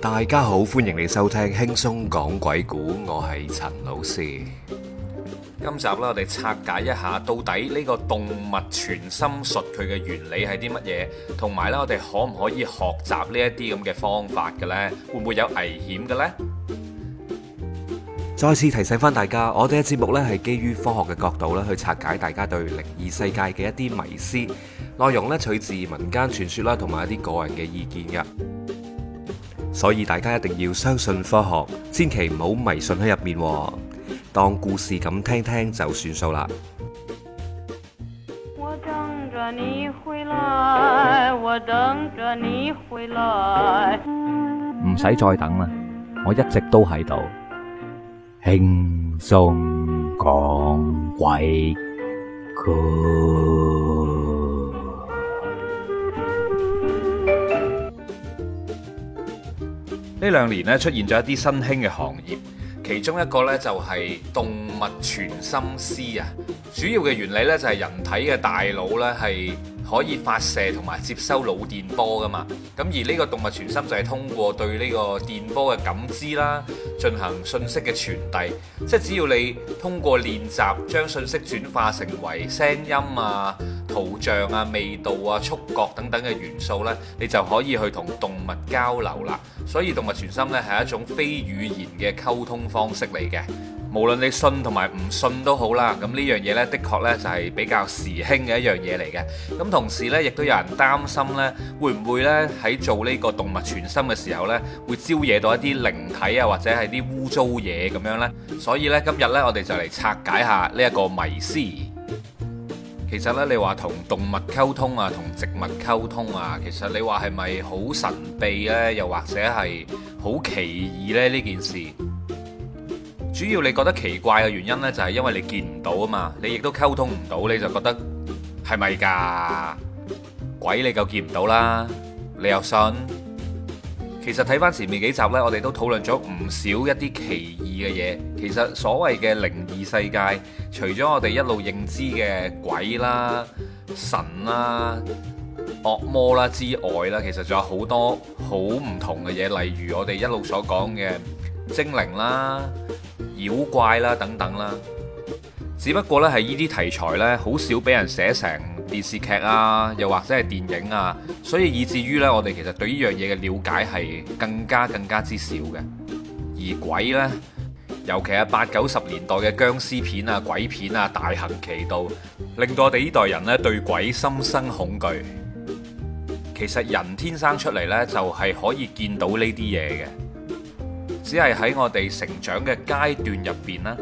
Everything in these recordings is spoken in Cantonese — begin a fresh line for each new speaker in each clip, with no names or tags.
大家好，歡迎你收聽輕鬆講鬼故。我係陳老師。今集啦，我哋拆解一下到底呢個動物傳心術佢嘅原理係啲乜嘢，同埋呢，我哋可唔可以學習呢一啲咁嘅方法嘅呢？會唔會有危險嘅呢？再次提醒翻大家，我哋嘅節目呢係基於科學嘅角度啦，去拆解大家對靈異世界嘅一啲迷思，內容呢取自民間傳說啦，同埋一啲個人嘅意見嘅。所以大家一定要相信科學，千祈唔好迷信喺入面，當故事咁聽聽就算數啦。我等著你回來，我等著你回來。唔使再等啦，我一直都喺度，輕鬆講鬼故事。呢兩年呢，出現咗一啲新興嘅行業，其中一個呢就係動物傳心師。啊，主要嘅原理呢就係人體嘅大腦呢係，可以發射同埋接收腦電波㗎嘛？咁而呢個動物傳心就係通過對呢個電波嘅感知啦，進行信息嘅傳遞。即係只要你通過練習，將信息轉化成為聲音啊、圖像啊、味道啊、觸覺等等嘅元素呢，你就可以去同動物交流啦。所以動物傳心呢係一種非語言嘅溝通方式嚟嘅。無論你信同埋唔信都好啦，咁呢樣嘢呢，的確呢，就係比較時興嘅一樣嘢嚟嘅。咁同時呢，亦都有人擔心呢，會唔會呢，喺做呢個動物傳心嘅時候呢，會招惹到一啲靈體啊，或者係啲污糟嘢咁樣呢？所以呢，今日呢，我哋就嚟拆解下呢一個迷思。其實呢，你話同動物溝通啊，同植物溝通啊，其實你話係咪好神秘呢？又或者係好奇異呢？呢件事。主要你覺得奇怪嘅原因呢，就係因為你見唔到啊嘛，你亦都溝通唔到，你就覺得係咪㗎鬼？你就見唔到啦，你又信？其實睇返前面幾集呢，我哋都討論咗唔少一啲奇異嘅嘢。其實所謂嘅靈異世界，除咗我哋一路認知嘅鬼啦、神啦、惡魔啦之外啦，其實仲有好多好唔同嘅嘢，例如我哋一路所講嘅精靈啦。妖怪啦，等等啦，只不過呢係呢啲題材呢，好少俾人寫成電視劇啊，又或者係電影啊，所以以至於呢，我哋其實對呢樣嘢嘅了解係更加更加之少嘅。而鬼呢，尤其係八九十年代嘅殭屍片啊、鬼片啊，大行其道，令到我哋呢代人呢對鬼心生恐懼。其實人天生出嚟呢，就係可以見到呢啲嘢嘅。只係喺我哋成長嘅階段入邊啦，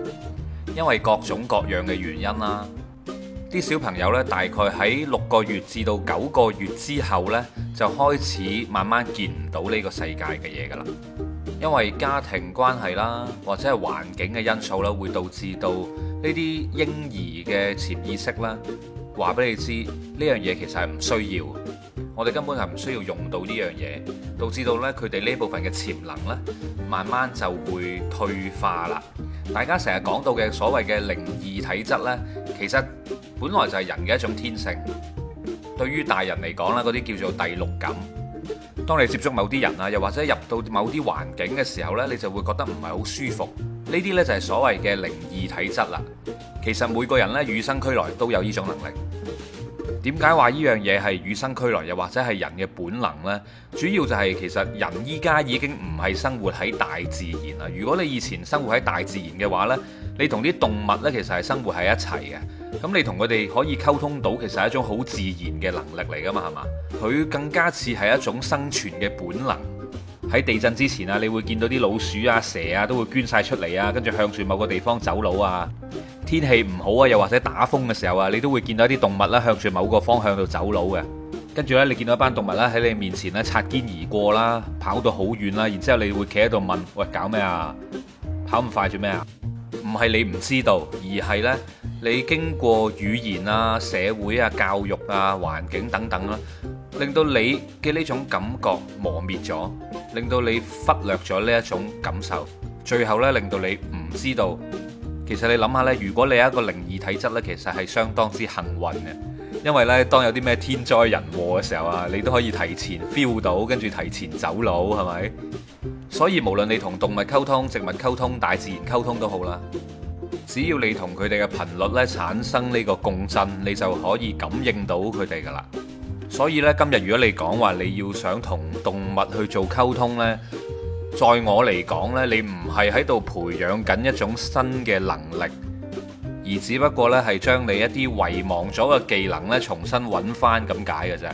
因為各種各樣嘅原因啦，啲小朋友咧大概喺六個月至到九個月之後咧，就開始慢慢見唔到呢個世界嘅嘢㗎喇，因為家庭關係啦，或者係環境嘅因素啦，會導致到呢啲嬰兒嘅潛意識啦，話俾你知呢樣嘢其實係唔需要。.我哋根本就唔需要用到呢樣嘢，導致到呢佢哋呢部分嘅潛能呢，慢慢就會退化啦。大家成日講到嘅所謂嘅靈異體質呢，其實本來就係人嘅一種天性。對於大人嚟講，呢嗰啲叫做第六感。當你接觸某啲人啊，又或者入到某啲環境嘅時候呢，你就會覺得唔係好舒服。呢啲呢，就係所謂嘅靈異體質啦。其實每個人呢與生俱來都有呢種能力。點解話依樣嘢係與生俱來，又或者係人嘅本能呢？主要就係、是、其實人依家已經唔係生活喺大自然啦。如果你以前生活喺大自然嘅話呢，你同啲動物呢，其實係生活喺一齊嘅。咁你同佢哋可以溝通到，其實係一種好自然嘅能力嚟噶嘛，係嘛？佢更加似係一種生存嘅本能。喺地震之前啊，你會見到啲老鼠啊、蛇啊都會捐晒出嚟啊，跟住向住某個地方走佬啊。天氣唔好啊，又或者打風嘅時候啊，你都會見到啲動物啦，向住某個方向度走佬嘅。跟住呢，你見到一班動物咧喺你面前咧擦肩而過啦，跑到好遠啦，然之後你會企喺度問：喂，搞咩啊？跑咁快做咩啊？唔係你唔知道，而係呢，你經過語言啊、社會啊、教育啊、環境等等啦，令到你嘅呢種感覺磨滅咗，令到你忽略咗呢一種感受，最後呢，令到你唔知道。其實你諗下咧，如果你係一個靈異體質咧，其實係相當之幸運嘅。因為咧當有啲咩天災人禍嘅時候啊，你都可以提前 feel 到，跟住提前走佬，係咪？所以無論你同動物溝通、植物溝通、大自然溝通都好啦，只要你同佢哋嘅頻率咧產生呢個共振，你就可以感應到佢哋噶啦。所以咧今日如果你講話你要想同動物去做溝通呢，我在我嚟講呢，你唔係喺度培養緊一種新嘅能力，而只不過咧係將你一啲遺忘咗嘅技能咧，重新揾翻咁解嘅啫。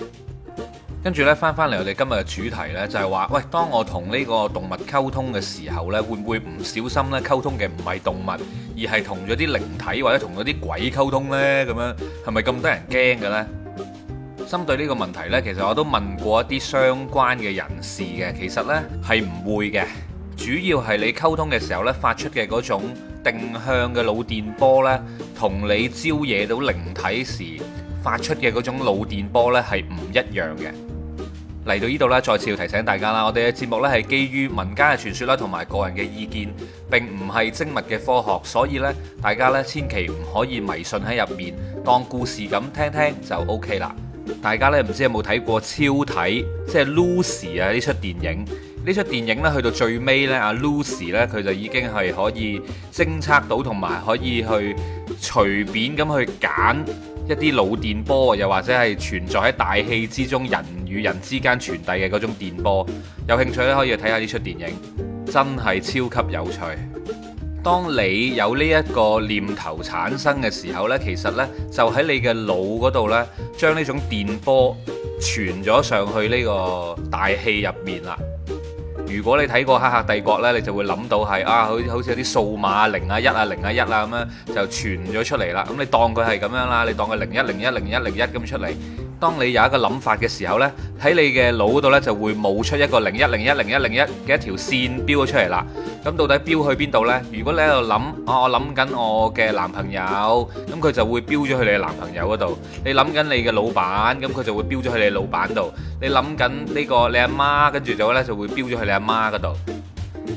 跟住呢翻翻嚟，我哋今日嘅主題呢，就係話，喂，當我同呢個動物溝通嘅時候呢，會唔會唔小心咧溝通嘅唔係動物，而係同咗啲靈體或者同咗啲鬼溝通呢？」咁樣係咪咁得人驚嘅呢？針對呢個問題呢，其實我都問過一啲相關嘅人士嘅，其實呢係唔會嘅。主要係你溝通嘅時候呢，發出嘅嗰種定向嘅腦電波呢，同你招惹到靈體時發出嘅嗰種腦電波呢係唔一樣嘅。嚟到呢度呢，再次要提醒大家啦，我哋嘅節目呢係基於民間嘅傳說啦，同埋個人嘅意見，並唔係精密嘅科學，所以呢，大家呢千祈唔可以迷信喺入面，當故事咁聽聽就 OK 啦。大家咧，唔知有冇睇過超體？即係 Lucy 啊呢出電影，呢出電影呢去到最尾呢，阿 Lucy 呢，佢就已經係可以偵測到同埋可以去隨便咁去揀一啲腦電波，又或者係存在喺大氣之中人與人之間傳遞嘅嗰種電波。有興趣咧，可以去睇下呢出電影，真係超級有趣。當你有呢一個念頭產生嘅時候呢，其實呢就喺你嘅腦嗰度呢，將呢種電波傳咗上去呢個大氣入面啦。如果你睇過《黑客帝國》呢，你就會諗到係啊，好似好似有啲數碼零啊一啊零啊一啊咁樣就傳咗出嚟啦。咁你當佢係咁樣啦，你當佢零一零一零一零一咁出嚟。當你有一個諗法嘅時候呢，喺你嘅腦嗰度呢就會冒出一個零一零一零一零一嘅一條線標咗出嚟啦。咁到底標去邊度呢？如果你喺度諗，我諗緊我嘅男朋友，咁佢就會標咗去你男朋友嗰度。你諗緊你嘅老闆，咁佢就會標咗去你老闆度。你諗緊呢個你阿媽，跟住就呢就會標咗去你阿媽嗰度。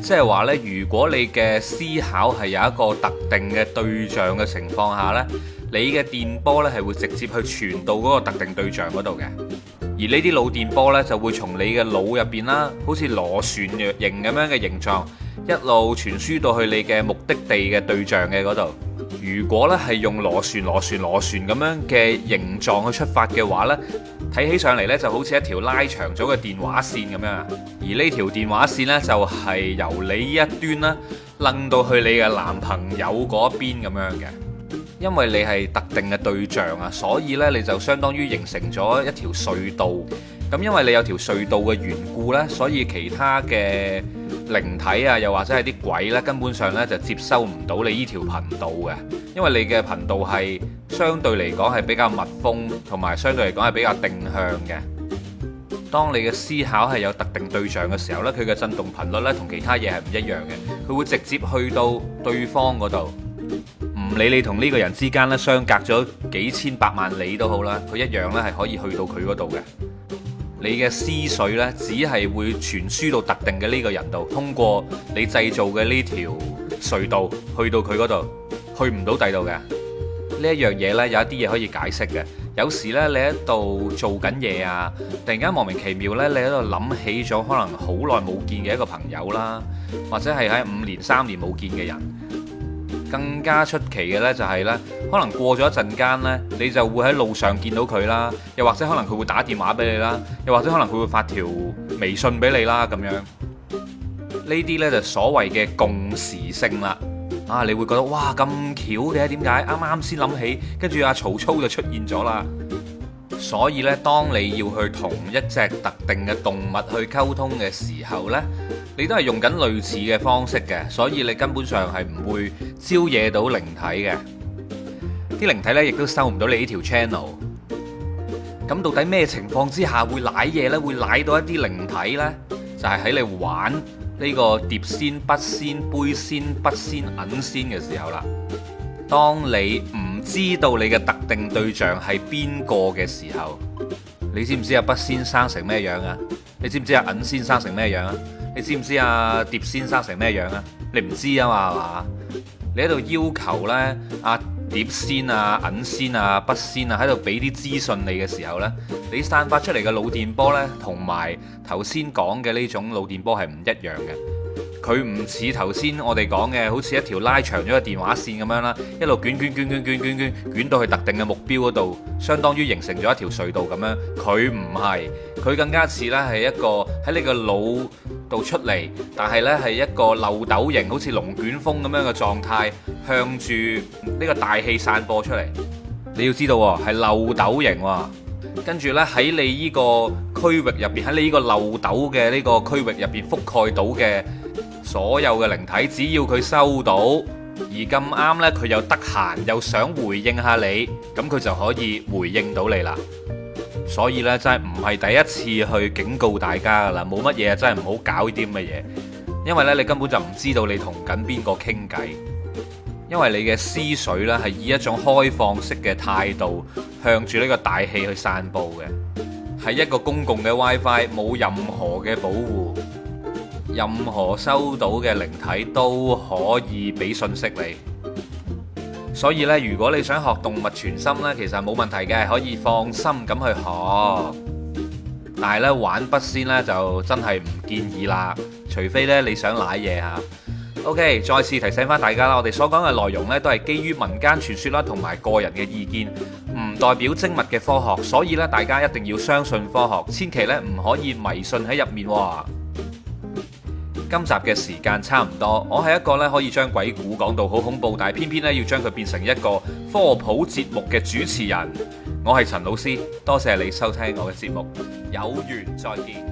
即係話呢，如果你嘅思考係有一個特定嘅對象嘅情況下呢。你嘅電波呢係會直接去傳到嗰個特定對象嗰度嘅，而呢啲腦電波呢，就會從你嘅腦入邊啦，好似螺旋形咁樣嘅形狀，一路傳輸到去你嘅目的地嘅對象嘅嗰度。如果呢係用螺旋、螺旋、螺旋咁樣嘅形狀去出發嘅話呢，睇起上嚟呢就好似一條拉長咗嘅電話線咁樣，而呢條電話線呢，就係由你呢一端啦，擲到去你嘅男朋友嗰邊咁樣嘅。因為你係特定嘅對象啊，所以呢你就相當於形成咗一條隧道。咁因為你有條隧道嘅緣故呢，所以其他嘅靈體啊，又或者係啲鬼呢，根本上呢就接收唔到你呢條頻道嘅。因為你嘅頻道係相對嚟講係比較密封，同埋相對嚟講係比較定向嘅。當你嘅思考係有特定對象嘅時候呢，佢嘅震動頻率呢同其他嘢係唔一樣嘅，佢會直接去到對方嗰度。唔理你同呢個人之間咧相隔咗幾千百萬里都好啦，佢一樣咧係可以去到佢嗰度嘅。你嘅思緒咧只係會傳輸到特定嘅呢個人度，通過你製造嘅呢條隧道去到佢嗰度，去唔到第度嘅。呢一樣嘢咧有一啲嘢可以解釋嘅。有時咧你喺度做緊嘢啊，突然間莫名其妙咧你喺度諗起咗可能好耐冇見嘅一個朋友啦，或者係喺五年三年冇見嘅人。更加出奇嘅呢，就係呢，可能過咗一陣間呢，你就會喺路上見到佢啦，又或者可能佢會打電話俾你啦，又或者可能佢會發條微信俾你啦咁樣。呢啲呢，就所謂嘅共時性啦，啊，你會覺得哇咁巧嘅，點解啱啱先諗起，跟住阿曹操就出現咗啦。所以呢，當你要去同一隻特定嘅動物去溝通嘅時候呢。你都係用緊類似嘅方式嘅，所以你根本上係唔會招惹到靈體嘅。啲靈體呢亦都收唔到你呢條 channel。咁到底咩情況之下會舐嘢呢？會舐到一啲靈體呢？就係、是、喺你玩呢個碟仙筆仙杯仙筆仙銀仙嘅時候啦。當你唔知道你嘅特定對象係邊個嘅時候，你知唔知阿筆仙生成咩樣啊？你知唔知阿銀先生成咩樣啊？你知唔知啊？碟仙生成咩樣啊？你唔知啊嘛，係嘛？你喺度要求呢阿碟仙啊、銀仙啊、筆仙啊，喺度俾啲資訊你嘅時候呢，你散發出嚟嘅腦電波呢，同埋頭先講嘅呢種腦電波係唔一樣嘅。佢唔似頭先我哋講嘅，好似一條拉長咗嘅電話線咁樣啦，一路捲卷卷卷卷卷卷捲到去特定嘅目標嗰度，相當於形成咗一條隧道咁樣。佢唔係，佢更加似呢係一個。喺你個腦度出嚟，但係呢係一個漏斗型，好似龍捲風咁樣嘅狀態，向住呢個大氣散播出嚟。你要知道，係漏斗型，跟住呢，喺你呢個區域入邊，喺你呢個漏斗嘅呢個區域入邊覆蓋到嘅所有嘅靈體，只要佢收到，而咁啱呢，佢又得閒又想回應下你，咁佢就可以回應到你啦。所以咧，真係唔係第一次去警告大家噶啦，冇乜嘢啊，真係唔好搞呢啲咁嘅嘢，因為咧，你根本就唔知道你同緊邊個傾偈，因為你嘅思緒咧，係以一種開放式嘅態度向住呢個大氣去散佈嘅，係一個公共嘅 WiFi，冇任何嘅保護，任何收到嘅靈體都可以俾信息你。所以咧，如果你想學動物傳心咧，其實冇問題嘅，可以放心咁去學。但係咧玩筆仙咧就真係唔建議啦，除非咧你想舐嘢吓。OK，再次提醒翻大家啦，我哋所講嘅內容咧都係基於民間傳說啦，同埋個人嘅意見，唔代表精密嘅科學。所以咧，大家一定要相信科學，千祈咧唔可以迷信喺入面。今集嘅時間差唔多，我係一個咧可以將鬼故講到好恐怖，但係偏偏咧要將佢變成一個科普節目嘅主持人，我係陳老師，多謝你收聽我嘅節目，有緣再見。